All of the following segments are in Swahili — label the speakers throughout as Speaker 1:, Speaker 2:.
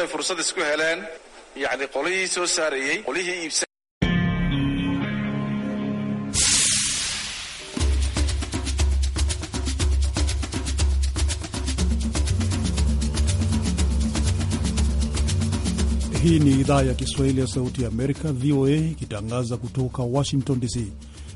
Speaker 1: ay fursad isku heleen yani qolihii soo saarayay qolihii iibsa Hii ni idhaa ya Kiswahili ya Sauti ya Amerika, VOA, ikitangaza kutoka Washington DC.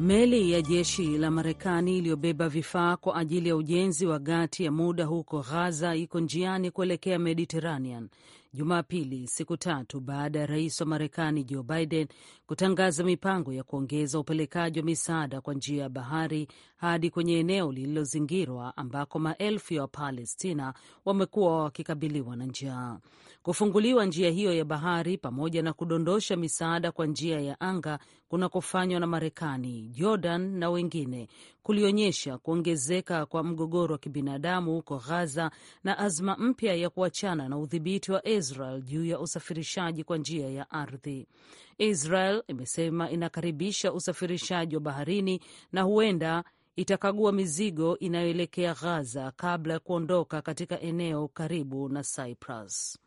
Speaker 2: Meli ya jeshi la Marekani iliyobeba vifaa kwa ajili ya ujenzi wa gati ya muda huko ghaza iko njiani kuelekea Mediterranean Jumapili, siku tatu baada ya rais wa Marekani Joe Biden kutangaza mipango ya kuongeza upelekaji wa misaada kwa njia ya bahari hadi kwenye eneo lililozingirwa ambako maelfu ya Wapalestina wamekuwa wakikabiliwa na njaa. Kufunguliwa njia hiyo ya bahari pamoja na kudondosha misaada kwa njia ya anga kunakofanywa na Marekani, Jordan na wengine kulionyesha kuongezeka kwa mgogoro wa kibinadamu huko ghaza na azma mpya ya kuachana na udhibiti wa Israel juu ya usafirishaji kwa njia ya ardhi. Israel imesema inakaribisha usafirishaji wa baharini na huenda itakagua mizigo inayoelekea ghaza kabla ya kuondoka katika eneo karibu na Cyprus.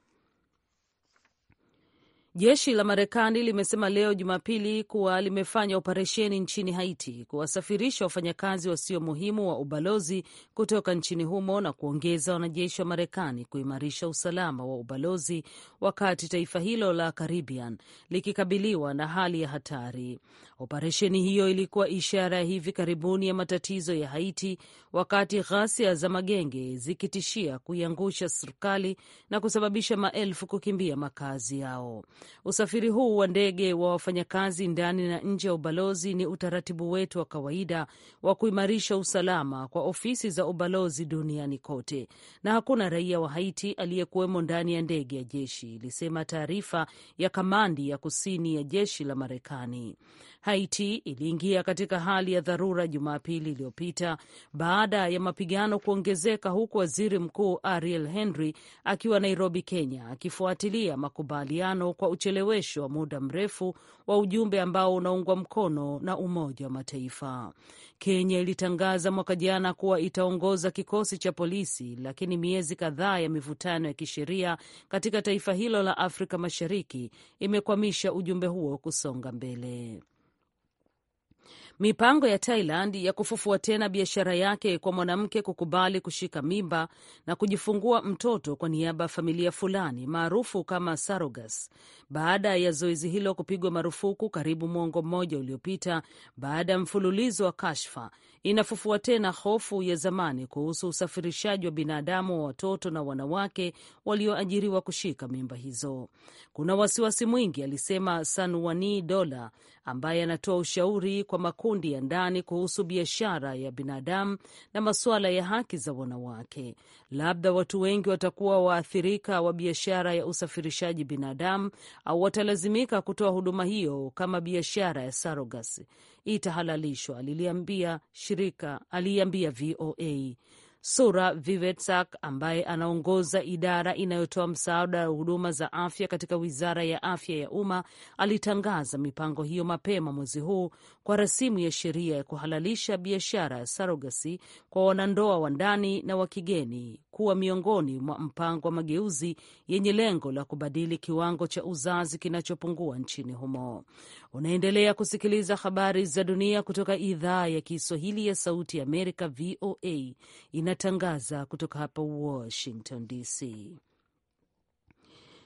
Speaker 2: Jeshi la Marekani limesema leo Jumapili kuwa limefanya operesheni nchini Haiti kuwasafirisha wafanyakazi wasio muhimu wa ubalozi kutoka nchini humo na kuongeza wanajeshi wa Marekani kuimarisha usalama wa ubalozi, wakati taifa hilo la Caribbean likikabiliwa na hali ya hatari. Operesheni hiyo ilikuwa ishara ya hivi karibuni ya matatizo ya Haiti, wakati ghasia za magenge zikitishia kuiangusha serikali na kusababisha maelfu kukimbia makazi yao. Usafiri huu wa ndege wa wafanyakazi ndani na nje ya ubalozi ni utaratibu wetu wa kawaida wa kuimarisha usalama kwa ofisi za ubalozi duniani kote, na hakuna raia wa Haiti aliyekuwemo ndani ya ndege ya jeshi, ilisema taarifa ya kamandi ya kusini ya jeshi la Marekani. Haiti iliingia katika hali ya dharura Jumapili iliyopita baada ya mapigano kuongezeka, huku waziri mkuu Ariel Henry akiwa Nairobi, Kenya, akifuatilia makubaliano kwa ucheleweshi wa muda mrefu wa ujumbe ambao unaungwa mkono na Umoja wa Mataifa. Kenya ilitangaza mwaka jana kuwa itaongoza kikosi cha polisi, lakini miezi kadhaa ya mivutano ya kisheria katika taifa hilo la Afrika Mashariki imekwamisha ujumbe huo kusonga mbele. Mipango ya Thailand ya kufufua tena biashara yake kwa mwanamke kukubali kushika mimba na kujifungua mtoto kwa niaba ya familia fulani maarufu kama sarogas, baada ya zoezi hilo kupigwa marufuku karibu mwongo mmoja uliopita baada ya mfululizo wa kashfa inafufua tena hofu ya zamani kuhusu usafirishaji wa binadamu wa watoto na wanawake walioajiriwa kushika mimba hizo. Kuna wasiwasi mwingi, alisema Sanwani Dola ambaye anatoa ushauri kwa makundi ya ndani kuhusu biashara ya binadamu na masuala ya haki za wanawake. Labda watu wengi watakuwa waathirika wa biashara ya usafirishaji binadamu au watalazimika kutoa huduma hiyo kama biashara ya sarogasi itahalalishwa, liliambia shirika aliiambia VOA. Sura Vivetsak ambaye anaongoza idara inayotoa msaada wa huduma za afya katika wizara ya afya ya umma alitangaza mipango hiyo mapema mwezi huu kwa rasimu ya sheria ya kuhalalisha biashara ya sarogasi kwa wanandoa wa ndani na wa kigeni kuwa miongoni mwa mpango wa mageuzi yenye lengo la kubadili kiwango cha uzazi kinachopungua nchini humo. Unaendelea kusikiliza habari za dunia kutoka idhaa ya Kiswahili ya Sauti ya Amerika, VOA, inatangaza kutoka hapa Washington DC.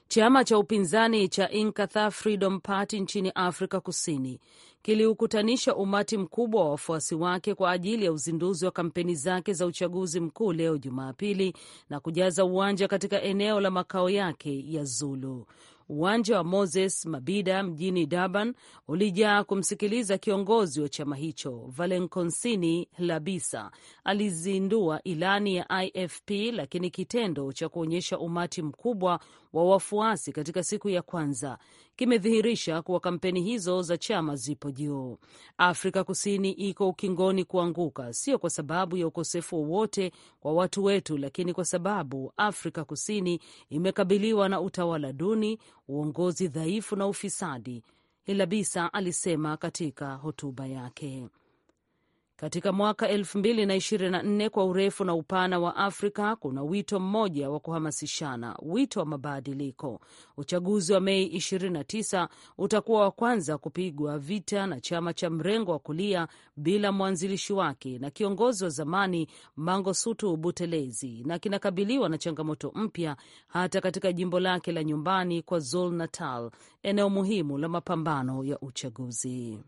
Speaker 2: Chama cha upinzani cha Inkatha Freedom Party nchini Afrika Kusini kiliukutanisha umati mkubwa wa wafuasi wake kwa ajili ya uzinduzi wa kampeni zake za uchaguzi mkuu leo Jumapili na kujaza uwanja katika eneo la makao yake ya Zulu. Uwanja wa Moses mabida mjini Durban ulijaa kumsikiliza kiongozi wa chama hicho. valenconsini Hlabisa alizindua ilani ya IFP, lakini kitendo cha kuonyesha umati mkubwa wa wafuasi katika siku ya kwanza kimedhihirisha kuwa kampeni hizo za chama zipo juu. Afrika Kusini iko ukingoni kuanguka, sio kwa sababu ya ukosefu wowote kwa watu wetu, lakini kwa sababu Afrika Kusini imekabiliwa na utawala duni, uongozi dhaifu na ufisadi, Hilabisa alisema katika hotuba yake katika mwaka 2024 kwa urefu na upana wa Afrika. Kuna wito mmoja wa kuhamasishana, wito wa mabadiliko. Uchaguzi wa Mei 29 utakuwa wa kwanza kupigwa vita na chama cha mrengo wa kulia bila mwanzilishi wake na kiongozi wa zamani Mangosuthu Buthelezi, na kinakabiliwa na changamoto mpya hata katika jimbo lake la nyumbani kwa Zul Natal, eneo muhimu la mapambano ya uchaguzi.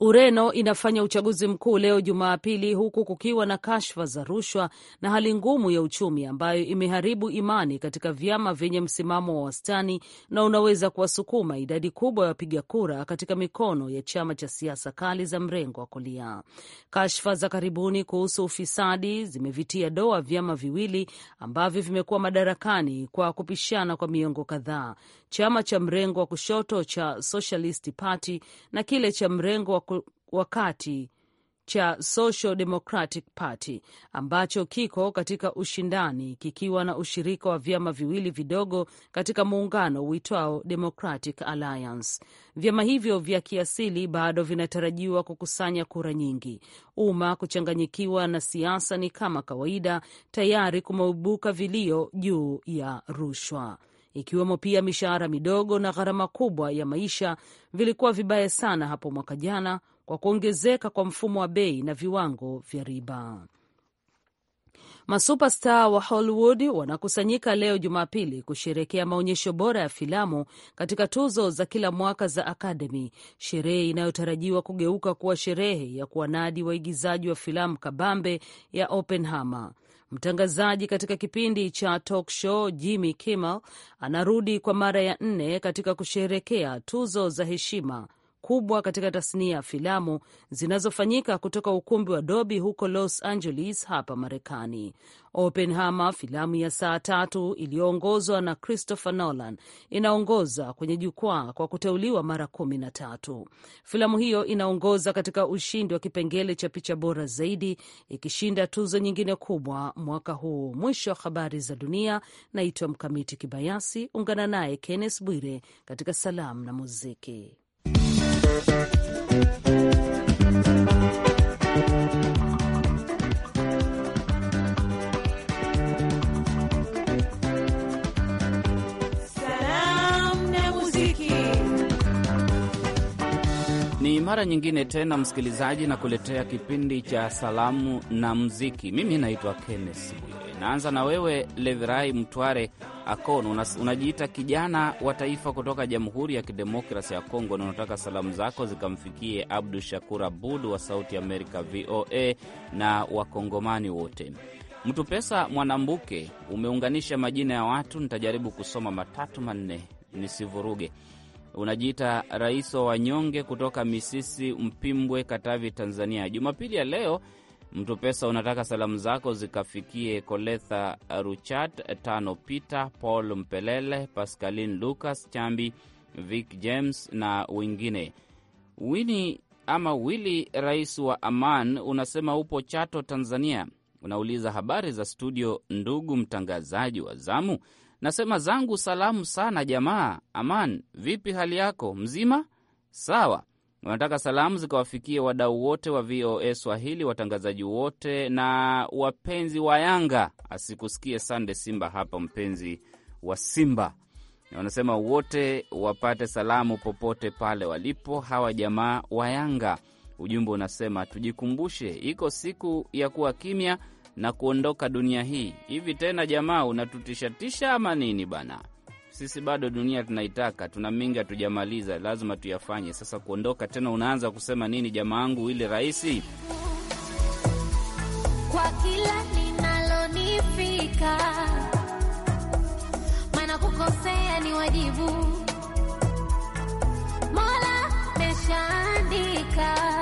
Speaker 2: Ureno inafanya uchaguzi mkuu leo Jumapili, huku kukiwa na kashfa za rushwa na hali ngumu ya uchumi ambayo imeharibu imani katika vyama vyenye msimamo wa wastani na unaweza kuwasukuma idadi kubwa ya wapiga kura katika mikono ya chama cha siasa kali za mrengo wa kulia. Kashfa za karibuni kuhusu ufisadi zimevitia doa vyama viwili ambavyo vimekuwa madarakani kwa kupishana kwa miongo kadhaa, chama cha mrengo wa kushoto cha Socialist Party na kile cha mrengo wa wakati cha Social Democratic Party ambacho kiko katika ushindani kikiwa na ushirika wa vyama viwili vidogo katika muungano uitwao Democratic Alliance. Vyama hivyo vya kiasili bado vinatarajiwa kukusanya kura nyingi. Umma kuchanganyikiwa na siasa ni kama kawaida, tayari kumeibuka vilio juu ya rushwa ikiwemo pia mishahara midogo na gharama kubwa ya maisha vilikuwa vibaya sana hapo mwaka jana kwa kuongezeka kwa mfumo wa bei na viwango vya riba. Masuperstar wa Hollywood wanakusanyika leo Jumapili kusherekea maonyesho bora ya filamu katika tuzo za kila mwaka za Academy, sherehe inayotarajiwa kugeuka kuwa sherehe ya kuwanadi waigizaji wa filamu kabambe ya Oppenheimer. Mtangazaji katika kipindi cha talk show Jimmy Kimmel anarudi kwa mara ya nne katika kusherekea tuzo za heshima kubwa katika tasnia ya filamu zinazofanyika kutoka ukumbi wa Dolby huko Los Angeles hapa Marekani. Oppenheimer, filamu ya saa tatu iliyoongozwa na Christopher Nolan, inaongoza kwenye jukwaa kwa kuteuliwa mara kumi na tatu. Filamu hiyo inaongoza katika ushindi wa kipengele cha picha bora zaidi, ikishinda tuzo nyingine kubwa mwaka huu. Mwisho wa habari za dunia. Naitwa Mkamiti Kibayasi, ungana naye Kennes Bwire katika salamu na muziki
Speaker 3: mara nyingine tena msikilizaji, na kuletea kipindi cha salamu na muziki. Mimi naitwa Kenneth Naanza na wewe Levirai Mtware Akon, unajiita kijana wa taifa kutoka Jamhuri ya Kidemokrasi ya Kongo na unataka salamu zako zikamfikie Abdu Shakur Abud wa Sauti Amerika VOA na Wakongomani wote. Mtu Pesa Mwanambuke, umeunganisha majina ya watu, nitajaribu kusoma matatu manne nisivuruge. Unajiita rais wa wanyonge kutoka Misisi Mpimbwe, Katavi, Tanzania. Jumapili ya leo Mtu Pesa unataka salamu zako zikafikie Koletha Ruchat Tano, Peter Paul Mpelele, Pascalin Lucas Chambi, Vic James na wengine. Wini ama Wili, rais wa Aman, unasema upo Chato, Tanzania. Unauliza habari za studio, ndugu mtangazaji wa zamu. Nasema zangu salamu sana jamaa. Aman, vipi hali yako? Mzima? Sawa. Wanataka salamu zikawafikie wadau wote wa VOA Swahili, watangazaji wote na wapenzi wa Yanga. Asikusikie Sande Simba hapa, mpenzi wa Simba. Wanasema wote wapate salamu popote pale walipo hawa jamaa wa Yanga. Ujumbe unasema tujikumbushe, iko siku ya kuwa kimya na kuondoka dunia hii. Hivi tena jamaa unatutishatisha ama nini bana? Sisi bado dunia tunaitaka, tuna mengi hatujamaliza, lazima tuyafanye. Sasa kuondoka tena, unaanza kusema nini angu ile rahisi
Speaker 4: kwa kila linalonifika, maana kukosea ni wajibu, Mola meshaandika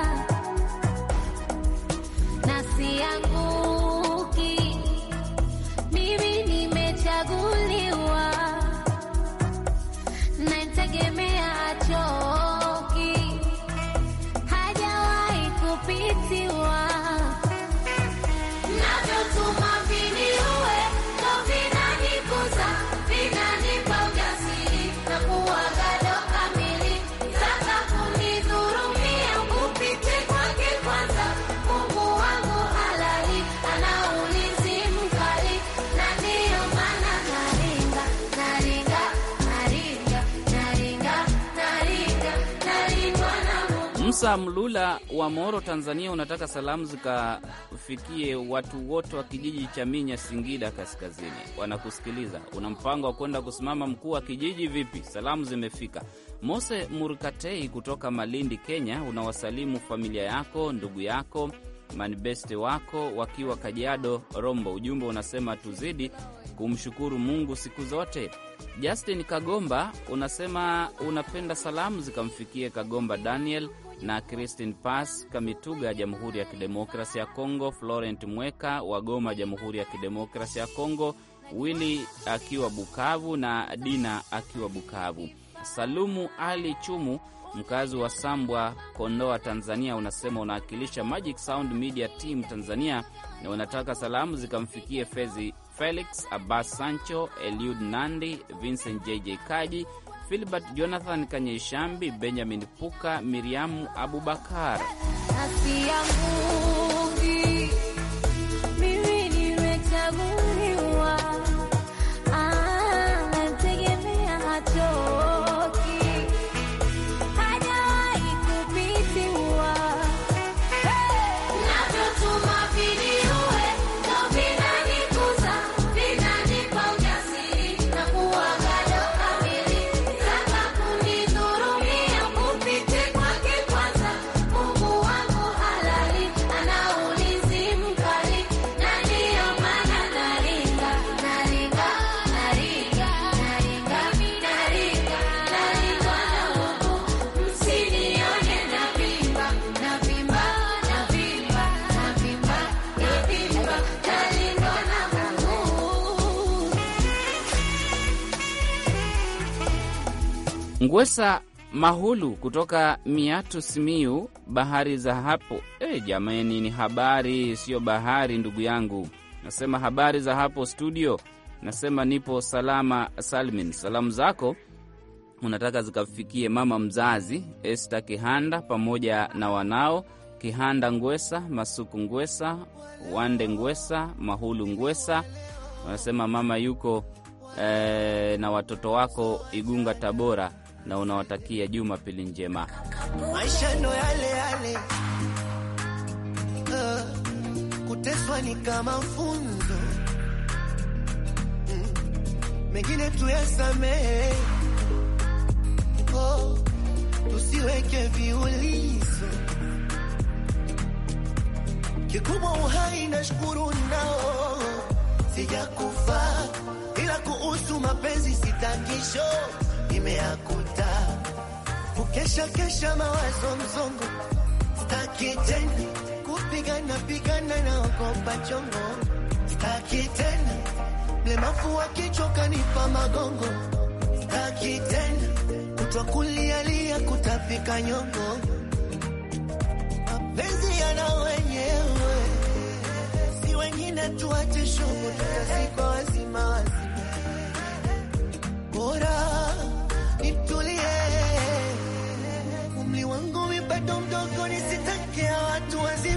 Speaker 3: Musa Mlula wa Moro, Tanzania, unataka salamu zikafikie watu wote wa kijiji cha Minya, Singida Kaskazini. Wanakusikiliza. Una mpango wa kwenda kusimama mkuu wa kijiji vipi? Salamu zimefika. Mose murkatei kutoka Malindi, Kenya, unawasalimu familia yako, ndugu yako manibeste wako wakiwa Kajiado Rombo. Ujumbe unasema tuzidi kumshukuru Mungu siku zote. Justin Kagomba unasema unapenda salamu zikamfikie Kagomba Daniel na Christine Pass Kamituga, Jamhuri ya Kidemokrasi ya Kongo, Florent Mweka wa Goma, Jamhuri ya Kidemokrasi ya Kongo, willi akiwa Bukavu na Dina akiwa Bukavu. Salumu Ali Chumu, mkazi wa Sambwa, Kondoa, Tanzania, unasema unawakilisha Magic Sound Media Team Tanzania na unataka salamu zikamfikie Fezi Felix Abbas Sancho, Eliud Nandi, Vincent JJ Kaji Filbert Jonathan Kanyeishambi, Benjamin Puka, Miriamu Abubakar. Wesa Mahulu kutoka Miatu Simiu, bahari za hapo. E, jamani, ni habari siyo bahari, ndugu yangu. Nasema habari za hapo studio, nasema nipo salama salmin. Salamu zako unataka zikafikie mama mzazi Esta Kihanda pamoja na wanao Kihanda Ngwesa, Masuku Ngwesa, Wande Ngwesa, Mahulu Ngwesa. Wanasema mama yuko e, na watoto wako Igunga, Tabora na unawatakia Jumapili njema.
Speaker 5: Maisha ndo yale yale, uh, kuteswa ni kama funzo, mm, mengine tuyasamehe, oh, tusiweke viulizo. Kikubwa uhai na shukuru nao, sijakufa ila kuhusu mapenzi sitakisho nimeakuta kukesha kesha mawazo mzongo, staki tena kupigana pigana na ogopa chongo, staki tena mlemavu wa kichwa kanipa magongo, staki tena kutwa kulialia kutapika nyongo, mapenzi yana wenyewe, si wengine tuache shughuli, tutazikwa wazima wazima bora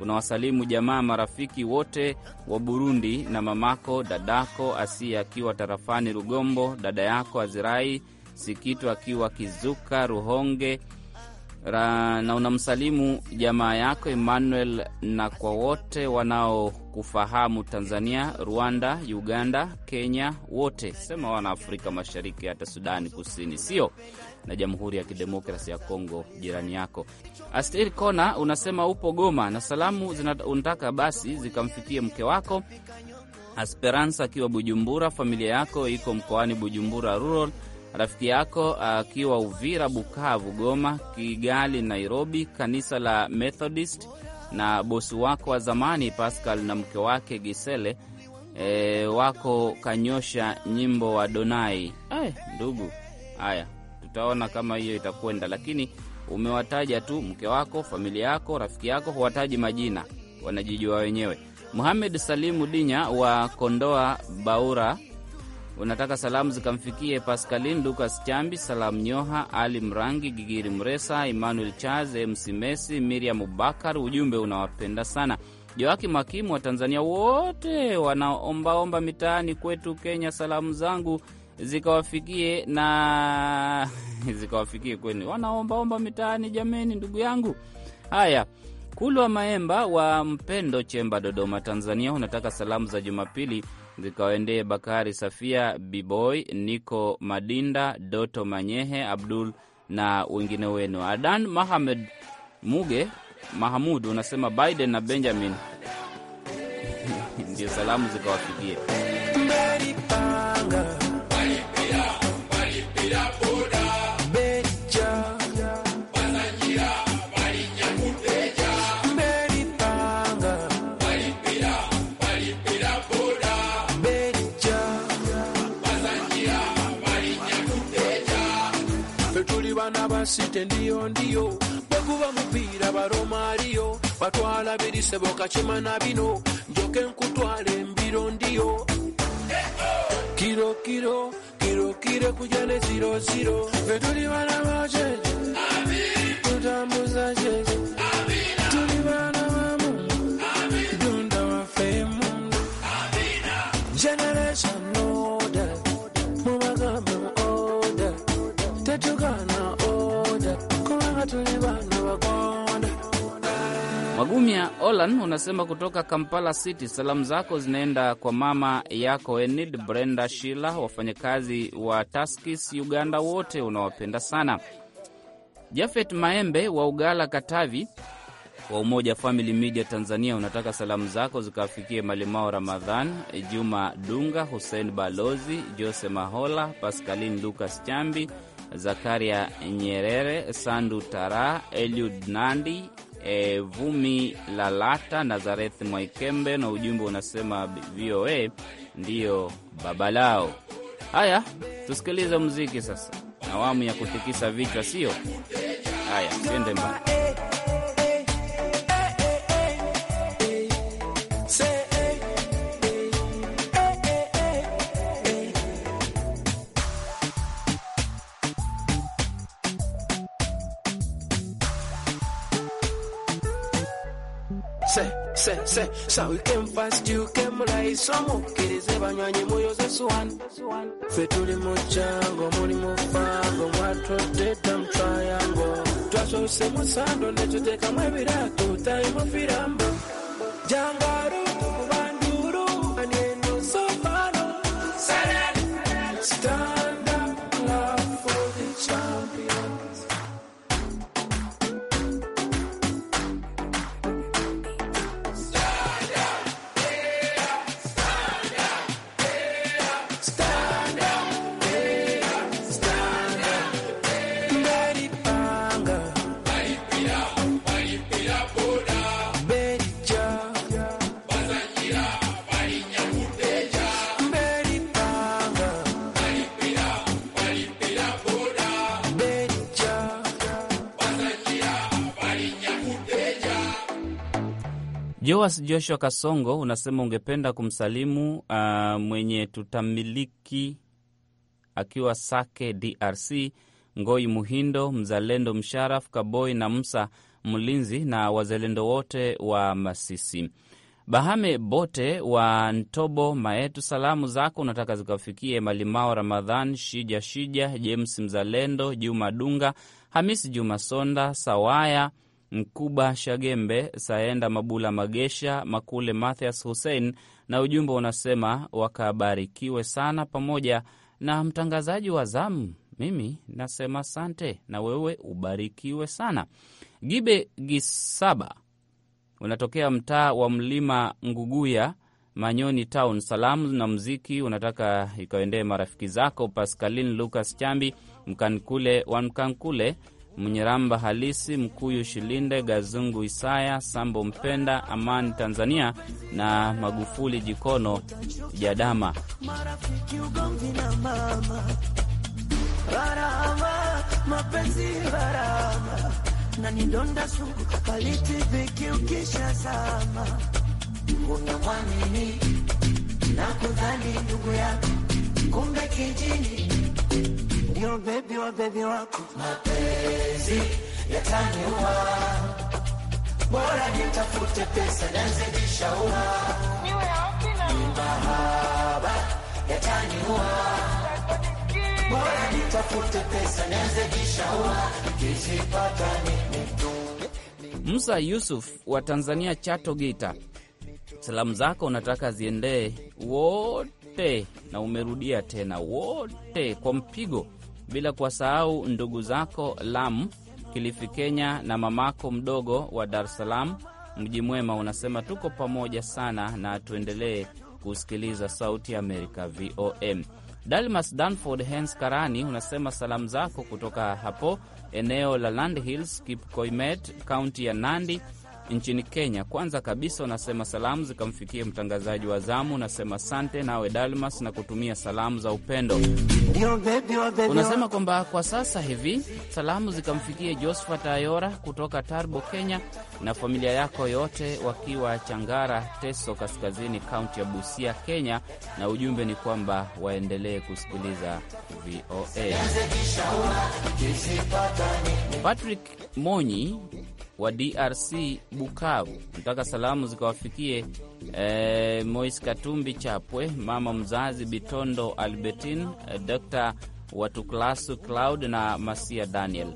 Speaker 3: unawasalimu jamaa, marafiki wote wa Burundi na mamako, dadako Asia akiwa tarafani Rugombo, dada yako Azirai Sikitu akiwa Kizuka Ruhonge Ra, na unamsalimu jamaa yako Emmanuel na kwa wote wanaokufahamu Tanzania, Rwanda, Uganda, Kenya, wote sema wana Afrika Mashariki, hata Sudani Kusini, sio na Jamhuri ya Kidemokrasi ya Kongo jirani yako. Astir Kona unasema upo Goma na salamu unataka basi zikamfikie mke wako Asperansa akiwa Bujumbura, familia yako iko mkoani Bujumbura rural rafiki yako uh, akiwa Uvira, Bukavu, Goma, Kigali, Nairobi, kanisa la Methodist na bosi wako wa zamani Pascal na mke wake Gisele e, wako kanyosha nyimbo wa Donai. Ay, ndugu, haya tutaona kama hiyo itakwenda, lakini umewataja tu mke wako, familia yako, rafiki yako, huwataji majina, wanajijua wenyewe. Muhamed Salimu Dinya wa Kondoa Baura unataka salamu zikamfikie Paskalin Lukas Chambi, Salam Nyoha, Ali Mrangi, Gigiri Mresa, Emmanuel Charles, MC Messi, Miriam Ubakar. Ujumbe unawapenda sana. joaki Makimu wa Tanzania, wote wanaombaomba mitaani kwetu Kenya, salamu zangu zikawafikie na zikawafikie kweni wanaombaomba mitaani. Jameni, ndugu yangu. Haya, Kulwa Maemba wa Mpendo Chemba, Dodoma, Tanzania, unataka salamu za Jumapili Vikawendee Bakari Safia, Biboy Niko Madinda, Doto Manyehe Abdul na wengine wenu. Adan Mahamed Muge Mahamud unasema Biden na Benjamin ndio salamu zikawafikia.
Speaker 5: ate ndiyo ndiyo bweguba mupiira baromaaliyo batwala birisebo na bino njoke nkutwala embiro ndiyo kiro kiro kirukire kuja ne ziroziro fetuli
Speaker 4: balaba jeje tutambuza jeje
Speaker 3: Magumia Olan unasema kutoka Kampala City, salamu zako zinaenda kwa mama yako Enid Brenda Shila, wafanyakazi wa Taskis Uganda wote unawapenda sana. Jafet Maembe wa Ugala Katavi wa Umoja Family Media Tanzania unataka salamu zako zikawafikie Malimao Ramadhan, Juma Dunga, Hussein Balozi, Jose Mahola, paskalin Lucas Chambi, Zakaria Nyerere, Sandu Tara, Eliud Nandi e, Vumi Lalata, Nazareth Mwaikembe, na ujumbe unasema VOA ndiyo baba lao. Haya, tusikilize muziki sasa, awamu ya kutikisa vichwa, sio haya, twende mbali.
Speaker 5: se se se sawi kenfastiu kemulayi somukirize banywanyi
Speaker 2: muyoze suwanu
Speaker 5: ffe tuli mu kyango muli mu fango mwatoteta
Speaker 4: mu twayango twasobose musando nekyo teekamu ebirato tayimu firambo jangaru
Speaker 3: Joas Joshua Kasongo unasema ungependa kumsalimu uh, mwenye tutamiliki akiwa Sake DRC, Ngoi Muhindo Mzalendo, Msharaf Kaboi na Msa Mlinzi na wazalendo wote wa Masisi, Bahame Bote wa Ntobo Maetu. Salamu zako unataka zikafikie Malimao Ramadhan Shija Shija, James Mzalendo, Juma Dunga, Hamisi Juma Sonda Sawaya Mkuba Shagembe, Saenda Mabula Magesha, Makule Mathias Hussein, na ujumbe unasema wakabarikiwe sana pamoja na mtangazaji wa zamu. Mimi nasema sante, na wewe ubarikiwe sana. Gibe Gisaba unatokea mtaa wa Mlima Nguguya, Manyoni Town. Salamu na mziki unataka ikaendee marafiki zako Pascaline Lucas Chambi, Mkankule wa Mkankule Mnyeramba Halisi, Mkuyu Shilinde, Gazungu Isaya, Sambo Mpenda, Amani Tanzania na Magufuli Jikono Jadama.
Speaker 5: Yo wa wako, mapenzi yataniua, bora nitafute
Speaker 4: pesa mahaba yataniua,
Speaker 3: Musa Yusuf wa Tanzania, Chato, gita Salamu zako unataka ziendee wote na umerudia tena wote kwa mpigo bila kuwasahau ndugu zako Lamu, Kilifi, Kenya, na mamako mdogo wa Dar es Salaam, mji mwema. Unasema tuko pamoja sana na tuendelee kusikiliza Sauti ya Amerika, VOM. Dalmas Danford Hens Karani, unasema salamu zako kutoka hapo eneo la Land Hills, Kipkoimet, kaunti ya Nandi nchini Kenya. Kwanza kabisa, unasema salamu zikamfikie mtangazaji wa zamu, unasema sante nawe Dalmas na kutumia salamu za upendo. Unasema kwamba kwa sasa hivi salamu zikamfikie Josephat Ayora kutoka Tarbo, Kenya, na familia yako yote wakiwa Changara, Teso Kaskazini, kaunti ya Busia, Kenya, na ujumbe ni kwamba waendelee kusikiliza VOA. Patrick Monyi wa DRC Bukavu. Nataka salamu zikawafikie eh, Mois Katumbi Chapwe, mama mzazi Bitondo albertin eh, Dr Watuklasu Cloud na Masia Daniel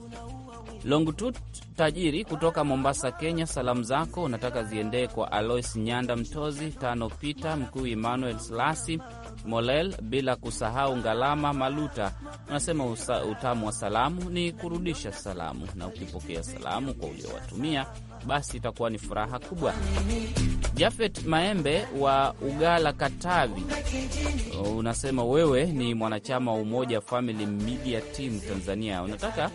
Speaker 3: Longtut tajiri kutoka Mombasa, Kenya. Salamu zako unataka ziendee kwa Alois Nyanda Mtozi, Tano Peter Mkuu, Emmanuel Slasi Molel, bila kusahau Ngalama Maluta, unasema utamu wa salamu ni kurudisha salamu, na ukipokea salamu kwa uliowatumia basi itakuwa ni furaha kubwa. Jafet Maembe wa Ugala, Katavi, unasema wewe ni mwanachama wa Umoja Family Media Team Tanzania, unataka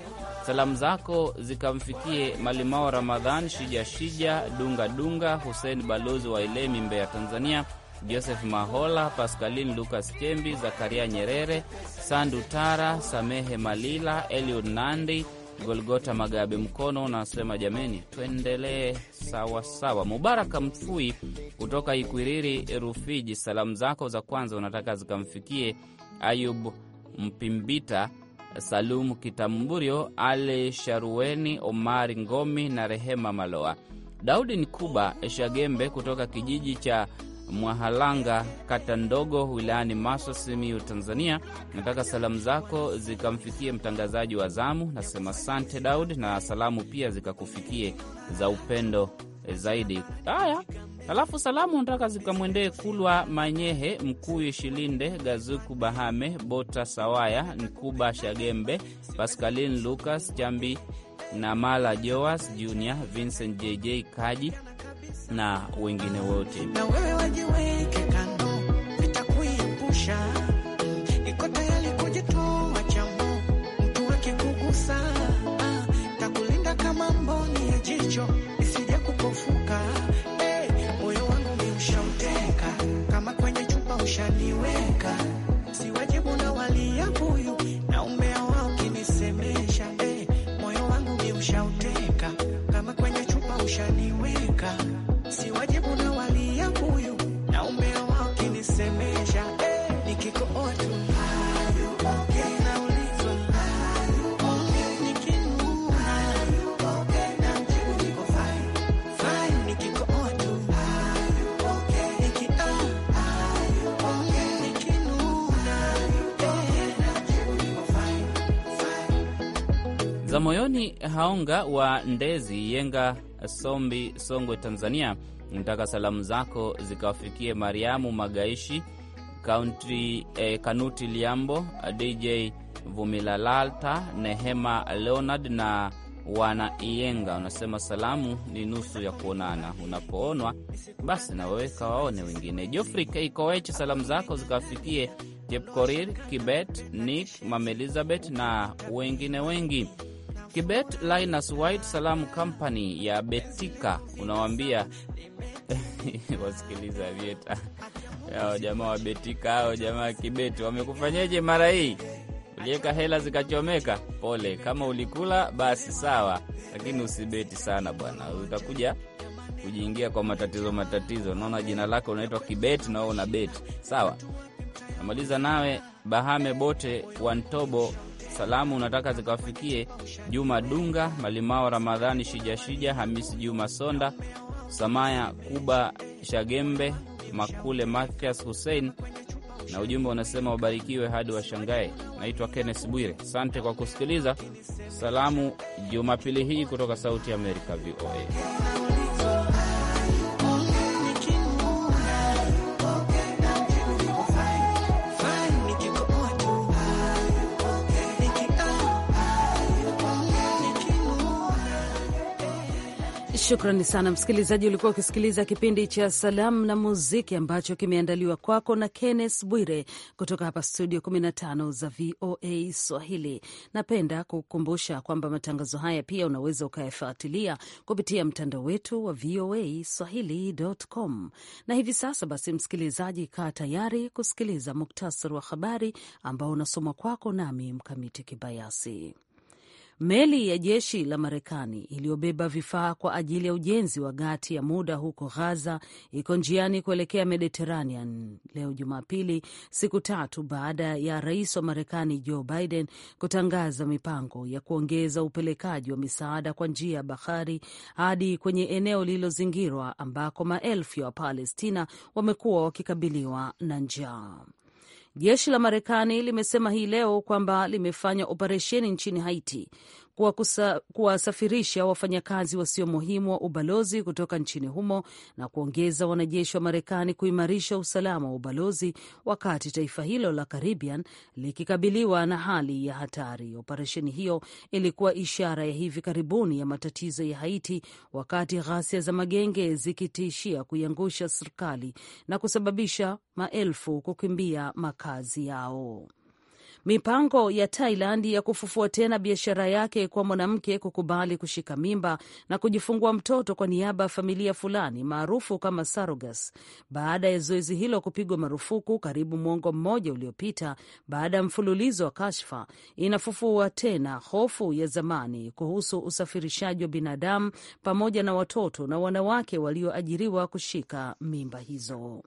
Speaker 3: salamu zako zikamfikie Malimao Ramadhan, Shija Shija, Dunga Dunga, Hussein balozi wa Elemi, Mbeya, Tanzania, Joseph Mahola, Pascaline Lucas Chembi, Zakaria Nyerere, Sandu Tara, Samehe Malila, Eliud Nandi, Golgota Magabe Mkono unasema jameni, tuendelee sawasawa. Mubaraka Mfui kutoka Ikwiriri, Rufiji, salamu zako za kwanza unataka zikamfikie Ayub Mpimbita, Salumu Kitamburio, Ali Sharueni, Omari Ngomi na Rehema Maloa. Daudi Nkuba Shagembe kutoka kijiji cha Mwahalanga, kata ndogo, wilayani Maswa, Simiyu, Tanzania. Nataka salamu zako zikamfikie mtangazaji wa zamu, nasema sante Daud, na salamu pia zikakufikie za upendo eh, zaidi. Haya, alafu salamu nataka zikamwendee Kulwa Manyehe, Mkuyu Shilinde, Gazuku Bahame, Bota Sawaya, Nkuba Shagembe, Paskalin lucas Chambi na Mala Joas Junior, Vincent JJ Kaji na wengine wote. Johni Haonga wa Ndezi, Yenga, Sombi, Songwe, Tanzania, nataka salamu zako zikawafikie Mariamu Magaishi Kaunti, eh, Kanuti Liambo, DJ Vumilalalta, Nehema Leonard na wana Iyenga. Unasema salamu ni nusu ya kuonana, unapoonwa basi na wewe kawaone wengine. Jofri Kikoechi, salamu zako zikawafikie Jepkorir Kibet, Nick Mamelizabeth na wengine wengi. Kibet Linus White Salamu Company ya Betika unawambia wasikiliza vieta ao jamaa wa Betika hao jamaa Kibeti wamekufanyeje mara hii? Uliweka hela zikachomeka, pole. Kama ulikula basi sawa, lakini usibeti sana bwana, utakuja kujiingia kwa matatizo matatizo. Naona jina lako unaitwa Kibeti na wewe una beti sawa. Namaliza nawe Bahame Bote Wantobo salamu unataka zikawafikie Juma Dunga, Malimao Ramadhani, Shijashija, Hamisi Juma Sonda, Samaya Kuba, Shagembe Makule, Mathias Hussein, na ujumbe unasema wabarikiwe hadi washangae. Naitwa Kenneth Bwire, asante kwa kusikiliza salamu Jumapili hii kutoka Sauti ya Amerika, VOA.
Speaker 2: Shukrani sana msikilizaji, ulikuwa ukisikiliza kipindi cha salamu na muziki ambacho kimeandaliwa kwako na Kenneth Bwire kutoka hapa studio 15 za VOA Swahili. Napenda kukumbusha kwamba matangazo haya pia unaweza ukayafuatilia kupitia mtandao wetu wa VOA Swahili.com. Na hivi sasa basi, msikilizaji, kaa tayari kusikiliza muktasari wa habari ambao unasoma kwako nami Mkamiti Kibayasi. Meli ya jeshi la Marekani iliyobeba vifaa kwa ajili ya ujenzi wa gati ya muda huko Gaza iko njiani kuelekea Mediterranean leo Jumapili, siku tatu baada ya rais wa Marekani Joe Biden kutangaza mipango ya kuongeza upelekaji wa misaada kwa njia ya bahari hadi kwenye eneo lililozingirwa ambako maelfu ya Wapalestina wamekuwa wakikabiliwa na njaa. Jeshi la Marekani limesema hii leo kwamba limefanya operesheni nchini Haiti kuwasafirisha wafanyakazi wasio muhimu wa ubalozi kutoka nchini humo na kuongeza wanajeshi wa Marekani kuimarisha usalama wa ubalozi wakati taifa hilo la Caribbean likikabiliwa na hali ya hatari. Operesheni hiyo ilikuwa ishara ya hivi karibuni ya matatizo ya Haiti wakati ghasia za magenge zikitishia kuiangusha serikali na kusababisha maelfu kukimbia makazi yao. Mipango ya Thailand ya kufufua tena biashara yake kwa mwanamke kukubali kushika mimba na kujifungua mtoto kwa niaba ya familia fulani maarufu kama sarogas baada ya zoezi hilo kupigwa marufuku karibu mwongo mmoja uliopita baada ya mfululizo wa kashfa, inafufua tena hofu ya zamani kuhusu usafirishaji wa binadamu pamoja na watoto na wanawake walioajiriwa kushika mimba hizo.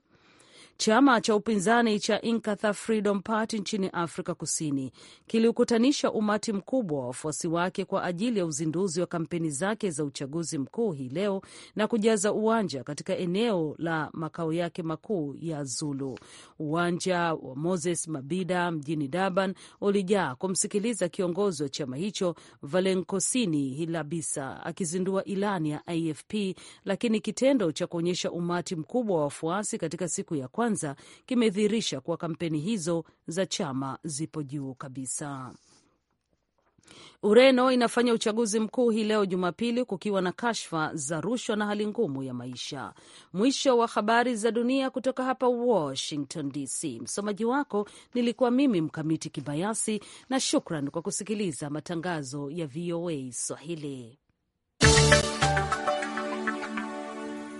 Speaker 2: Chama cha upinzani cha Inkatha Freedom Party nchini Afrika Kusini kiliukutanisha umati mkubwa wa wafuasi wake kwa ajili ya uzinduzi wa kampeni zake za uchaguzi mkuu hii leo na kujaza uwanja katika eneo la makao yake makuu ya Zulu. Uwanja wa Moses mabida mjini Durban ulijaa kumsikiliza kiongozi wa chama hicho Valenkosini Hilabisa akizindua ilani ya afp lakini kitendo cha kuonyesha umati mkubwa wa wafuasi katika siku ya kwa kwanza kimedhihirisha kuwa kampeni hizo za chama zipo juu kabisa. Ureno inafanya uchaguzi mkuu hii leo Jumapili, kukiwa na kashfa za rushwa na hali ngumu ya maisha. Mwisho wa habari za dunia kutoka hapa Washington DC. Msomaji wako nilikuwa mimi Mkamiti Kibayasi, na shukran kwa kusikiliza matangazo ya VOA Swahili.